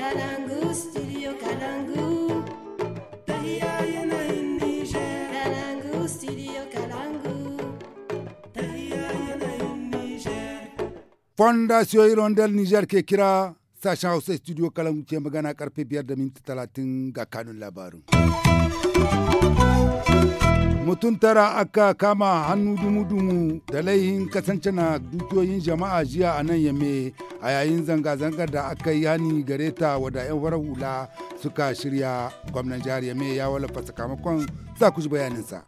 fondation studio Kalangu. Niger. ke kira sashen Hausa studio Kalangu ke magana karfe biyar da minti talatin ga kanun labarin. mutum tara aka kama hannu dumu-dumu da laihin kasance na dukiyoyin jama'a jiya a nan yamme a yayin zanga-zangar da aka yi hani gare ta wada 'yan farar hula suka shirya gwamnan jihar yamme ya wallafa sakamakon za ku ji bayaninsa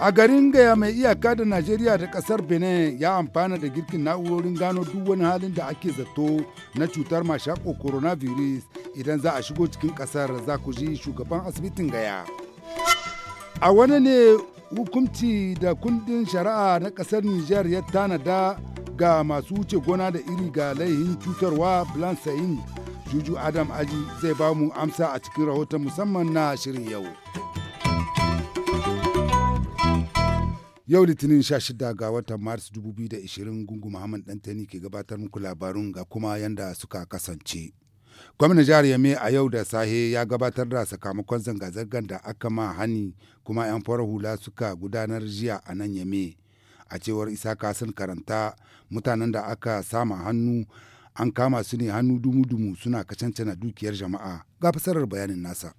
a garin gaya mai iyaka da najeriya da kasar benin ya amfana da girkin na'urorin gano duk wani halin da ake zato na cutar mashako coronavirus idan za a shigo cikin kasar za ku ji shugaban asibitin gaya. a wani ne hukunci da kundin shari'a na ƙasar Nijar ya tanada ga masu wuce gona da iri ga laihin cutarwa Blansain Juju Adam Aji zai ba mu amsa a cikin rahoton musamman na shirin yau. Yau Litinin 16 ga watan Maris 2020 gungu Muhammad Dantani ke gabatar muku labarun ga kuma yanda suka kasance. Gwamnan jihar Yame a yau da sahe ya gabatar da sakamakon zanga-zangar da aka ma hani kuma 'yan farar hula suka gudanar jiya a nan Yame. A cewar isa kasin karanta mutanen da aka sama hannu an kama su ne hannu dumu-dumu suna kacancana dukiyar jama'a ga fasarar bayanin nasa.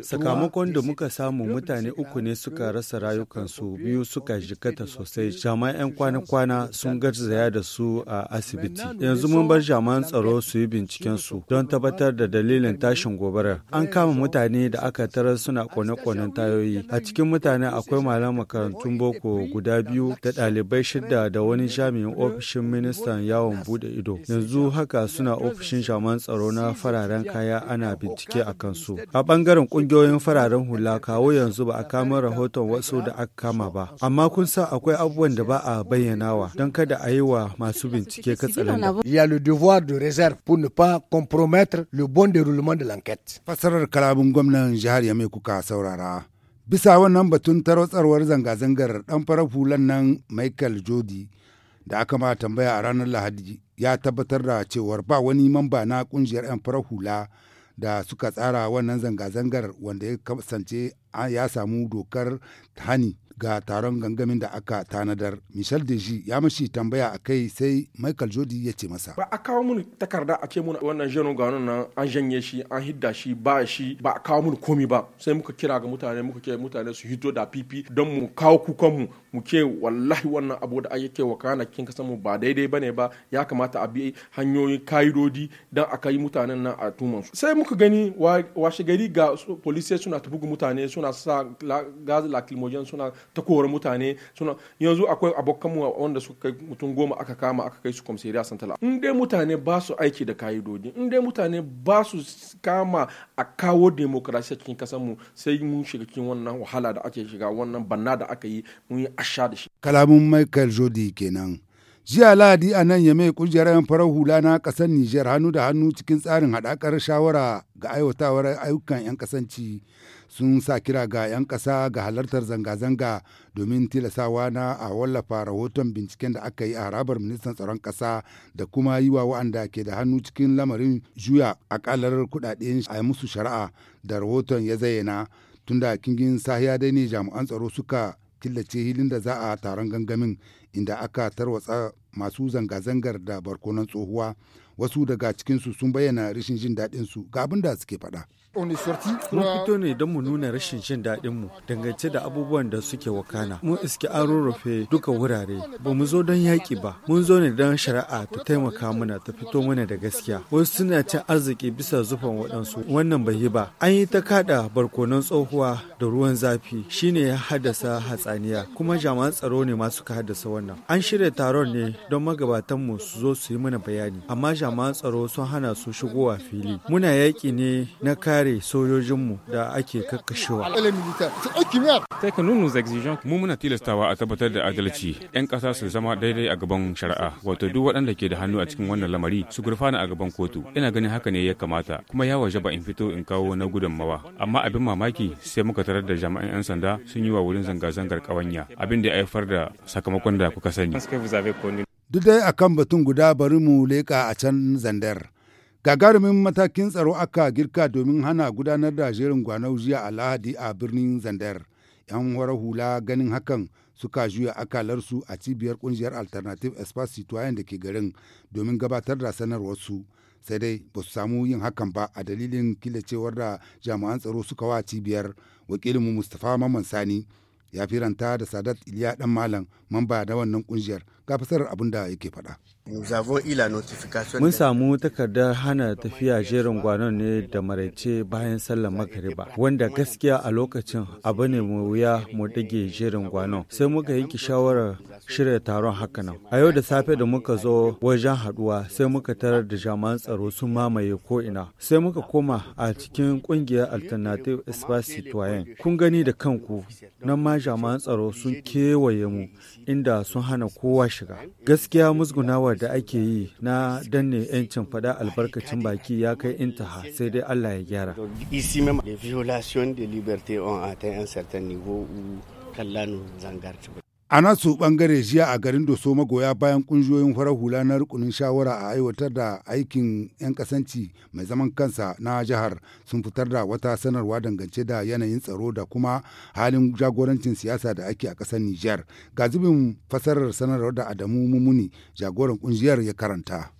Sakamakon da muka samu mutane uku ne suka rasa rayukansu biyu suka jikata sosai. Jama'an 'yan kwana-kwana sun garzaya da su a asibiti. Yanzu mun bar jama'an tsaro su yi bincikensu don tabbatar da dalilin tashin gobarar. An kama mutane da aka tarar suna kone-konen tayoyi. A cikin mutane akwai malam makarantun boko guda biyu da ɗalibai shida da wani jami'in ofishin ministan yawon bude ido. Yanzu haka suna ofishin jama'an tsaro na fararen kaya ana bincike a kansu. A ɓangaren ƙungiyoyin fararen hula kawo yanzu ba a kama rahoton wasu da aka kama ba. Amma kun sa akwai abubuwan da ba a bayyanawa don kada a yi wa masu bincike katsalan. Il le devoir de réserve pour ne pas compromettre le bon déroulement de l'enquête. Fasarar kalamin gwamnan jihar Yamai kuka saurara. Bisa wannan batun tarotsarwar zanga-zangar dan farar hulan nan Michael Jodi da aka ma tambaya a ranar Lahadi ya tabbatar da cewar ba wani mamba na ƙungiyar 'yan farar hula da suka tsara wannan zanga-zangar wanda ya kasance ya samu dokar hani ga taron gangamin da aka tanadar michel deji ya mashi tambaya a kai sai michael jodi ya ce masa ba a kawo mun takarda a ce mun wannan jenon gano nan an janye shi an hidda shi ba shi ba a kawo mun komi ba sai muka kira ga mutane muka ke mutane su hito da pipi don mu kawo kukan mu mu ke wallahi wannan abu da ake wa kana kin kasan mu ba daidai bane ba ya kamata a bi hanyoyin kaidodi don a kai mutanen nan a tuman su sai muka gani washe gari ga police suna ta bugu mutane suna sa gas lacrimogene suna ta mutane suna yanzu akwai abokan abokanmu wanda suka kai mutum goma aka kama aka kai su kwamsariya santala in dai mutane ba su aiki da ka'idodi in dai mutane ba su kama a kawo demokrasiya cikin mu sai mun shiga cikin wannan wahala da ake shiga wannan banna da aka yi mun yi asha da shi kalamun michael jody kenan jiya lahadi a nan ya mai kungiyar 'yan farar hula na kasar nijar hannu da hannu cikin tsarin haɗakar shawara ga aiwatawar ayyukan 'yan kasanci sun sa kira ga 'yan ƙasa ga halartar zanga-zanga domin tilasawa na a wallafa rahoton binciken da aka yi a harabar ministan tsaron ƙasa da kuma yi wa wa'anda ke da hannu cikin lamarin juya akalar kuɗaɗen a musu shari'a da rahoton ya zayyana tunda kingin sahiya dai ne jami'an tsaro suka killace hilin da za a taron gangamin inda aka tarwatsa masu zanga-zangar da barkonan tsohuwa wasu daga cikinsu sun bayyana rashin jin daɗinsu ga abin da suke faɗa. Mun fito ne don mu nuna rashin jin daɗin mu dangance da abubuwan da suke wakana. Mun iske an rurrufe duka wurare. Ba mu zo don yaƙi ba. Mun zo ne don shari'a ta taimaka mana ta fito mana da gaskiya. Wasu suna cin arziki bisa zufan waɗansu. Wannan bai yi ba. An yi ta kaɗa barkonon tsohuwa da ruwan zafi shine ya haddasa hatsaniya kuma jami'an tsaro ne ma suka haddasa wannan. An shirya taron ne don magabatanmu su zo su yi mana bayani amma jami'an tsaro sun hana su shigowa fili. Muna yaƙi ne na kayan kare sojojinmu da ake kakkashewa. Mu muna tilastawa a tabbatar da adalci, 'yan kasa su zama daidai a gaban shari'a, wato duk waɗanda ke da hannu a cikin wannan lamari su gurfana a gaban kotu. Ina ganin haka ne ya kamata, kuma ya waje ba in fito in kawo na gudunmawa. Amma abin mamaki sai muka tarar da jami'an 'yan sanda sun yi wa wurin zanga-zangar ƙawanya, abin da ya haifar da sakamakon da kuka sani. Duk dai akan batun guda bari mu leƙa a can zandar. gagarumin matakin tsaro aka girka domin hana gudanar da jerin gwanau jiya a lahadi a birnin zandar yan horar hula ganin hakan suka juya akalarsu a cibiyar kungiyar alternative espace citoyen da ke garin domin gabatar da sanarwarsu sai dai ba su samu yin hakan ba a dalilin kilacewar da jami'an tsaro suka wa cibiyar wakilinmu mustapha mamman sani ya firanta da sadat iliya dan malam mamba da wannan kungiyar ga abin da yake faɗa. Mun samu takardar hana tafiya jerin gwanon ne da maraice bayan sallar magariba wanda gaskiya a lokacin abu ne mu wuya mu dage jerin gwanon sai muka yanke shawarar shirya taron hakanan. A yau da safe da muka zo wajen haduwa sai muka tarar da jami'an tsaro sun mamaye ko ina sai muka koma a cikin ƙungiyar alternative espace citoyen kun gani da kanku nan ma jami'an tsaro sun kewaye mu inda sun hana kowa shiga gaskiya musgunawar da ake yi na danne 'yancin faɗa albarkacin baki ya kai intaha sai dai allah ya gyara a nasu bangare jiya a garin doso magoya bayan kungiyoyin farar hula na rukunin shawara a aiwatar da aikin 'yan kasanci mai zaman kansa na jihar sun fitar da wata sanarwa dangance da yanayin tsaro da kuma halin jagorancin siyasa da ake a ƙasar nijar ga zubin fasarar sanarwar da adamu mumuni jagoran kungiyar ya karanta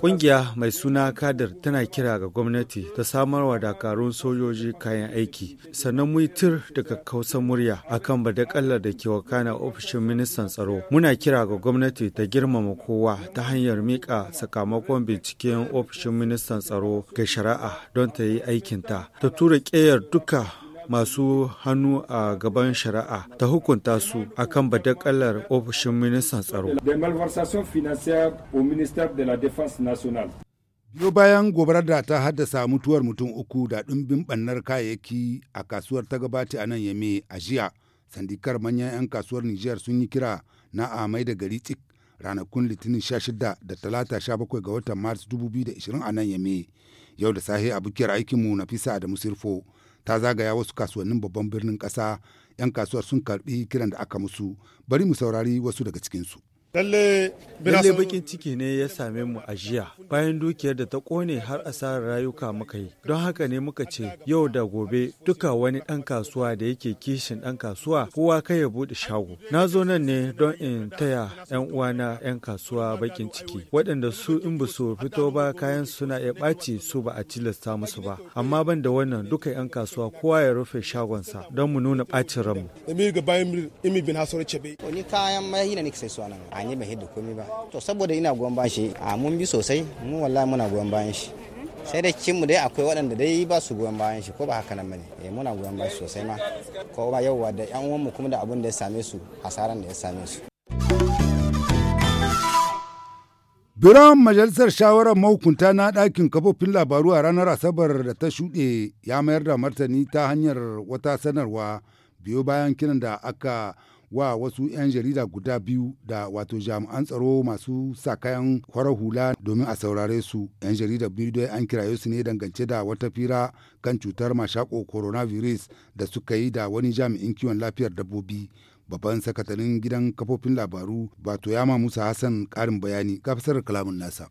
Ƙungiya mai suna kadar tana kira ga gwamnati ta samar wa dakarun sojoji kayan aiki sannan mu tir daga kausa murya akan badakalla da ke wakana ofishin ministan tsaro. Muna kira ga gwamnati ta girmama kowa ta hanyar mika sakamakon binciken ofishin ministan tsaro ga shari'a don ta yi aikinta ta tura ƙeyar duka masu hannu a gaban shari'a ta hukunta su akan badakalar ofishin ministan tsaro. Biyo bayan gobarar da ta haddasa mutuwar mutum uku da ɗumbin ɓannar kayayyaki a kasuwar ta gabata a nan yame a jiya, sandikar manyan 'yan kasuwar Nijar sun yi kira na amai da gari tsik ranakun litinin 16 da talata 17 ga watan maris 2020 a nan yame. Yau da sahi a bukiyar aikinmu na fisa da musirfo ta zagaya wasu kasuwannin babban birnin ƙasa 'yan kasuwar sun karbi kiran da aka musu bari mu saurari wasu daga cikinsu. Lalle bakin ciki ne ya same mu a jiya bayan dukiyar da ta kone har asarar rayuka muka yi. Don haka ne muka ce yau da gobe duka wani ɗan kasuwa da yake kishin ɗan kasuwa kowa kai ya buɗe shago. Na zo nan ne don in taya 'yan uwana 'yan kasuwa bakin ciki waɗanda su in ba su fito ba kayan suna iya ɓaci su ba a tilasta musu ba. Amma ban da wannan duka 'yan kasuwa kowa ya rufe shagonsa don mu nuna ɓacin ranmu. Wani kayan mahi ne ka sai suwa nan. an yi bai da komai ba to saboda ina goyon bayan shi a mun bi sosai mun wallahi muna goyon bayan shi sai da kin mu dai akwai waɗanda dai ba su goyon bayan shi ko ba haka nan bane eh muna goyon bayan sosai ma ko ba yauwa da yan uwan mu kuma da abun da ya same su hasaran da ya same su Biran Majalisar Shawarar Mahukunta na ɗakin kafofin labaru a ranar Asabar da ta shuɗe ya mayar da martani ta hanyar wata sanarwa biyo bayan kiran da aka wa wasu 'yan jarida guda biyu da wato jami'an tsaro masu sa kayan kwarar hula domin a saurare su 'yan jarida biyu dai an kiraye su ne dangance da wata fira kan cutar mashako coronavirus da suka yi da wani jami'in kiwon lafiyar dabbobi babban sakatanin gidan kafofin labaru ya yama musa hassan karin bayani kafisar kalamin nasa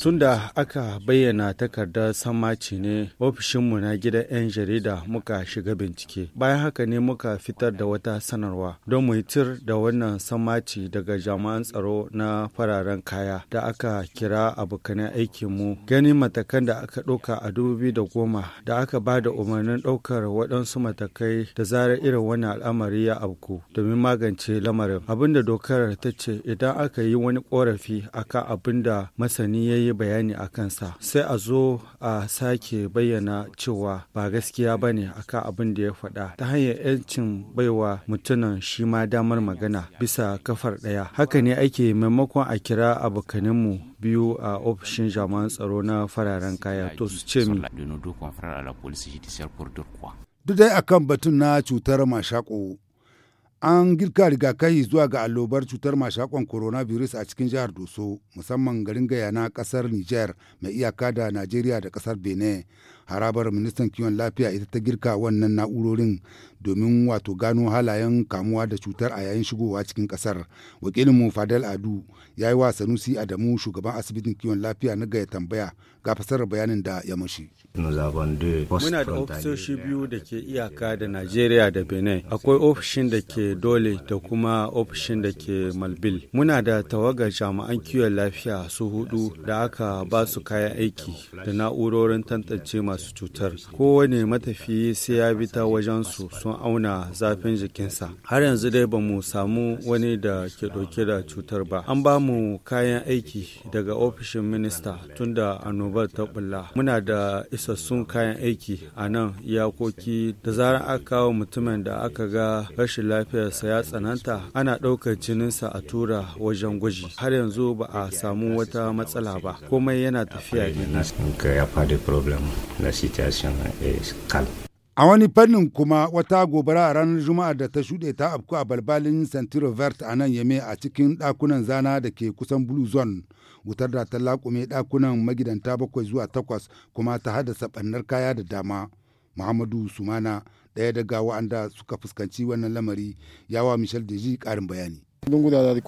Tun da aka bayyana takardar sammaci ne ofishinmu na gidan 'yan jarida muka shiga bincike. Bayan haka ne muka fitar da wata sanarwa don mu tir da wannan sammaci daga jami'an tsaro na fararen kaya da aka kira aikin aikinmu gani matakan da aka ɗauka a dubu biyu da goma da aka ba da umarnin ɗaukar waɗansu matakai da zarar irin wani al'amari ya abku domin magance lamarin abinda dokar ta ce idan aka yi wani ƙorafi akan abin da masani Sani ya yi bayani a kansa sai a zo a sake bayyana cewa ba gaskiya ba ne akan abin da ya faɗa ta hanyar 'yancin baiwa mutumin shi ma damar magana bisa kafar ɗaya haka ne ake maimakon a kira abokaninmu biyu a ofishin jama'an tsaro na fararen kaya to su ce mi duk dai akan batun na cutar mashako an girka rigakafi zuwa ga allobar cutar mashakon coronavirus a cikin jihar doso musamman garin gayana na kasar niger mai iyaka da najeriya da kasar benin harabar ministan kiwon lafiya ita ta girka wannan na'urorin domin wato gano halayen kamuwa da cutar a yayin shigowa cikin kasar wakilinmu fadal adu ya yi wa sanusi adamu shugaban asibitin kiwon lafiya na gaya tambaya ga fasar bayanin da ya mashi muna da ofisoshi biyu da ke iyaka da najeriya da benin akwai ofishin da ke dole da kuma ofishin da ke malbil muna da tawagar jami'an kiwon lafiya su hudu da aka ba su kayan aiki da na'urorin tantance masu masu cutar kowane matafiyi sai ya bi ta wajen su sun auna zafin jikinsa har yanzu dai ba mu samu wani da ke ɗauke da cutar ba an ba mu kayan aiki daga ofishin minista tun da annobar ta bulla muna da isassun kayan aiki a nan iyakoki da zarar aka kawo mutumin da aka ga rashin lafiyarsa ya tsananta ana ɗaukar jininsa a tura wajen gwaji har yanzu ba a samu wata matsala ba komai yana tafiya la situation est eh, calme. A wani fannin kuma wata gobara a ranar Juma'a da ta shuɗe ta afku a balbalin Santirovert a nan Yame a cikin ɗakunan zana da ke kusan Blue Zone. Wutar da ta laƙume ɗakunan magidanta bakwai zuwa takwas kuma ta haddasa ɓannar kaya da dama. Muhammadu Sumana ɗaya daga wa'anda suka fuskanci wannan lamari yawa Michel Deji ƙarin bayani.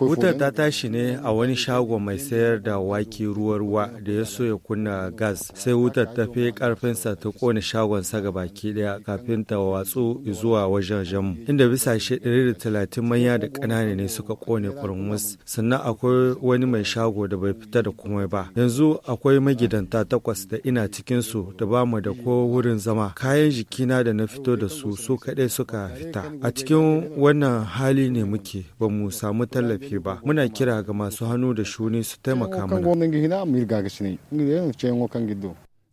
wuta ta tashi ne a wani shago mai sayar da wake ruwa ruwa da ya so ya kunna gas sai wutar ta fi karfinsa ta kone shagon ga baki daya kafin ta watsu zuwa wajen jamu inda bisa shi 130 manya da ƙanana ne suka kone kurmus sannan akwai wani mai shago da bai fita da komai ba yanzu akwai magidanta takwas da ina cikin su da ba mu da ko wurin zama kayan jikina da na fito da su su kaɗai suka fita a cikin wannan hali ne muke ba mu samu tallafi ba muna kira ga masu hannu da shuni su taimaka mana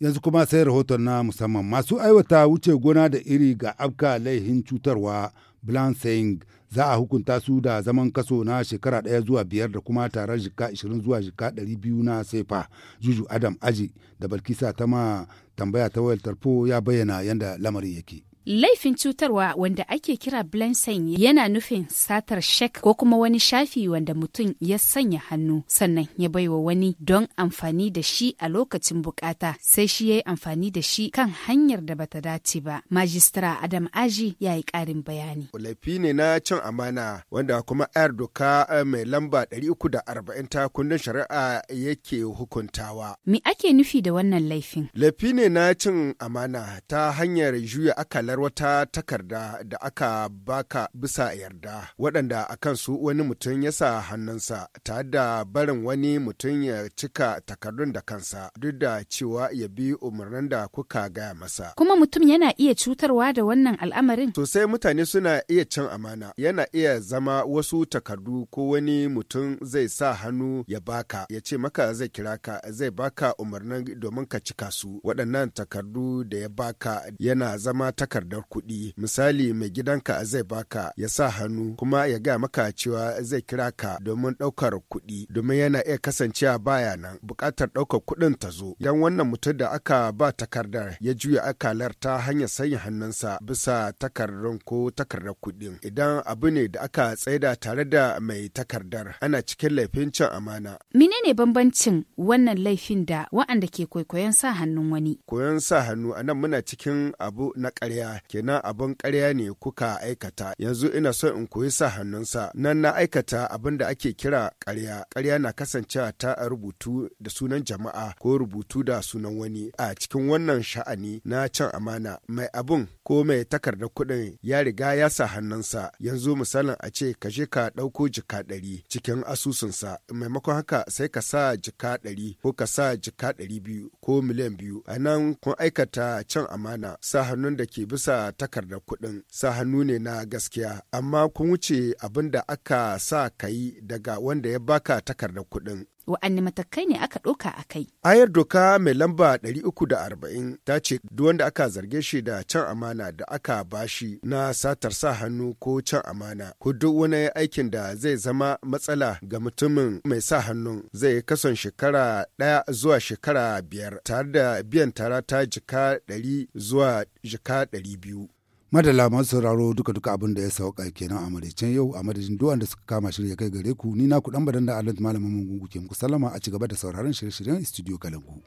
yanzu kuma sai rahoton na musamman masu aiwata wuce gona da iri ga afka laihin cutarwa blancing za a hukunta su da zaman kaso na shekara ɗaya zuwa biyar da kuma tarar jika 20 zuwa jika 200 na sefa juju adam aji da balkisa ta ma tambaya ta wayar tarfo ya bayyana yadda lamarin yake Laifin cutarwa wanda ake kira Blensen yana nufin satar shek ko kuma wani shafi wanda mutum ya sanya hannu sannan ya baiwa wani don amfani da shi a lokacin bukata sai shi ya yi amfani da shi kan hanyar da bata dace ba. Majistara Adam Aji ya yi karin bayani. Laifi ne na cin amana wanda kuma ayar doka eh, mai lamba 340 ta kundin shari'a yake hukuntawa. Me ake nufi da wannan laifin? Laifi ne na cin amana ta hanyar juya akalar ma'anar wata takarda da aka baka bisa yarda waɗanda a kansu wani mutum ya sa hannunsa ta da barin wani mutum ya cika takardun da kansa duk da cewa ya bi umarnin da kuka gaya masa. Kuma mutum yana iya cutarwa da wannan al'amarin? Sosai mutane suna iya cin amana yana iya zama wasu takardu ko wani mutum zai sa hannu ya baka ya ce maka zai kira ka zai baka umarnin domin ka cika su waɗannan takardu da ya baka yana zama takardu takardar kuɗi misali mai gidanka zai baka ya sa hannu kuma ya gaya maka cewa zai kira ka domin ɗaukar kuɗi domin yana iya kasancewa baya nan buƙatar ɗaukar kuɗin ta zo idan wannan mutum da aka ba takardar ya juya akalar ta hanyar sanya hannunsa bisa takardar ko takardar kuɗin idan abu ne da aka tsaida tare da mai takardar ana cikin laifin cin amana. Menene bambancin wannan laifin da wa'anda ke kwaikwayon sa hannun wani? Koyon sa hannu anan muna cikin abu na ƙarya kenan abin karya ne kuka aikata yanzu ina son in koyi sa hannunsa nan na aikata abin da ake kira karya karya na kasancewa ta rubutu da sunan jama'a ko rubutu da sunan wani a cikin wannan sha'ani na can amana mai abun ko mai takardar kuɗin ya riga ya sa hannunsa yanzu misalin a ce ka je ka ɗauko jika ɗari cikin asusunsa maimakon haka sai ka sa jika ɗari ko ka sa jika ɗari biyu ko miliyan biyu a nan kun aikata can amana sa hannun da ke bi. bisa takardar kuɗin sa hannu ne na gaskiya amma kun wuce abin da aka sa ka yi daga wanda ya baka takardar kuɗin wa'anne matakai ne aka ɗauka a kai. Ayar doka mai lamba 340 ta ce duk wanda aka zarge shi da can amana da aka bashi na satar sa hannu ko can amana ko duk wani aikin da zai zama matsala ga mutumin mai sa hannun zai kason shekara ɗaya zuwa shekara biyar tare da biyan tara ta jika 100 zuwa jika 200. madalla masu sauraro duka duka abin da ya sauka kenan a maraicen yau a madadin duwan da suka kama shirya kai gare ku ni na ku dan badan da alhaji malamin mungu ke muku sallama a ci gaba da sauraron shirye-shiryen studio kalangu.